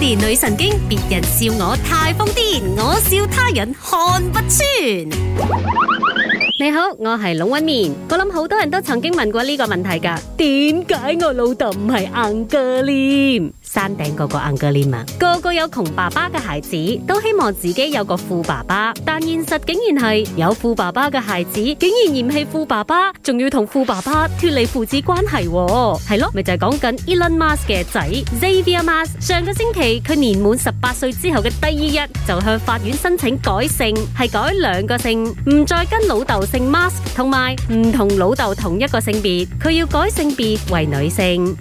連女神經，別人笑我太瘋癲，我笑他人看不穿。你好，我係龍紋敏，我諗好多人都曾經問過呢個問題噶，點解我老豆唔係硬嘅臉？山頂個個硬頸啊！個個有窮爸爸嘅孩子都希望自己有個富爸爸，但現實竟然係有富爸爸嘅孩子竟然嫌棄富爸爸，仲要同富爸爸脫離父子關係。哦，係咯？咪就係、是、講緊 Elon Musk 嘅仔 Xavier Musk。上個星期佢年滿十八歲之後嘅第二日，就向法院申請改姓，係改兩個姓，唔再跟老豆姓 Musk 同埋唔同老豆同一個性別，佢要改性別為女性。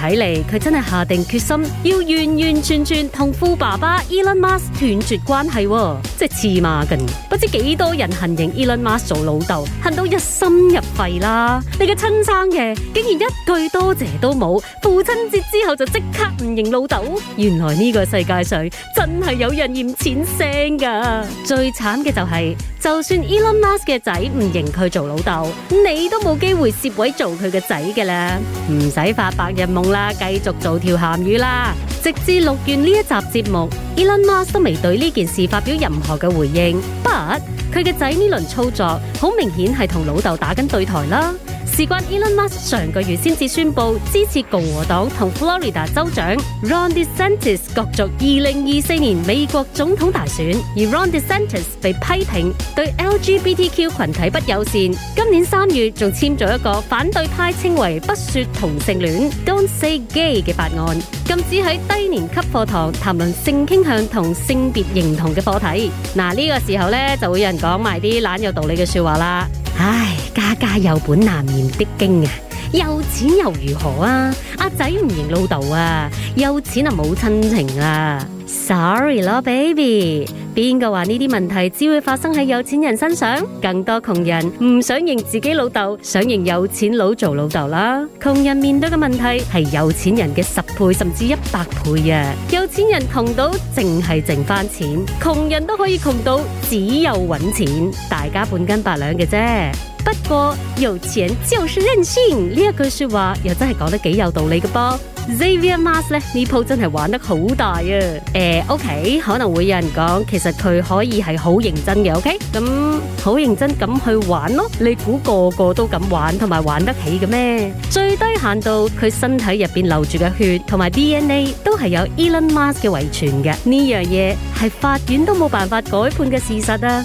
睇嚟佢真係下定決心要完完全全同富爸爸 Elon Musk 斷絕關係喎，即係黐孖筋。不知幾多人恨認 Elon Musk 做老豆，恨到入心入肺啦！你個親生嘅竟然一句多謝都冇，父親節之後就即刻唔認老豆。原來呢個世界上真係有人嫌錢腥噶。最慘嘅就係、是，就算 Elon Musk 嘅仔唔認佢做老豆，你都冇機會攝位做佢嘅仔嘅啦，唔使發白日夢。啦，繼續做條鹹魚啦，直至錄完呢一集節目，Elon Musk 都未對呢件事發表任何嘅回應。But 佢嘅仔呢輪操作，好明顯係同老豆打緊對台啦。事關 Elon Musk 上個月先至宣布支持共和黨同 Florida 州長 Ron DeSantis 角逐二零二四年美國總統大選，而 Ron DeSantis 被批評對 LGBTQ 群體不友善。今年三月仲簽咗一個反對派稱為不說同性戀 （Don't Say Gay） 嘅法案，禁止喺低年級課堂談論性傾向同性別認同嘅課題。嗱，呢個時候呢，就會有人講埋啲懶有道理嘅說話啦。唉、哎，家家有本難念的經啊，有錢又如何啊？阿仔唔認老豆啊，有錢就冇親情啊，sorry 咯，baby。邊個話呢啲問題只會發生喺有錢人身上？更多窮人唔想認自己老豆，想認有錢佬做老豆啦。窮人面對嘅問題係有錢人嘅十倍甚至一百倍啊！有錢人窮到淨係剩翻錢，窮人都可以窮到只有揾錢，大家半斤八兩嘅啫。不過有錢就是任性呢一句說話又真係講得幾有道理嘅噃。Xavier Musk 咧呢鋪真係玩得好大啊！誒、欸，OK，可能會有人講，其實佢可以係好認真嘅，OK，咁好認真咁去玩咯。你估個個都咁玩同埋玩得起嘅咩？最低限度佢身體入邊流住嘅血同埋 DNA 都係有 Elon Musk 嘅遺傳嘅，呢樣嘢係法院都冇辦法改判嘅事實啊！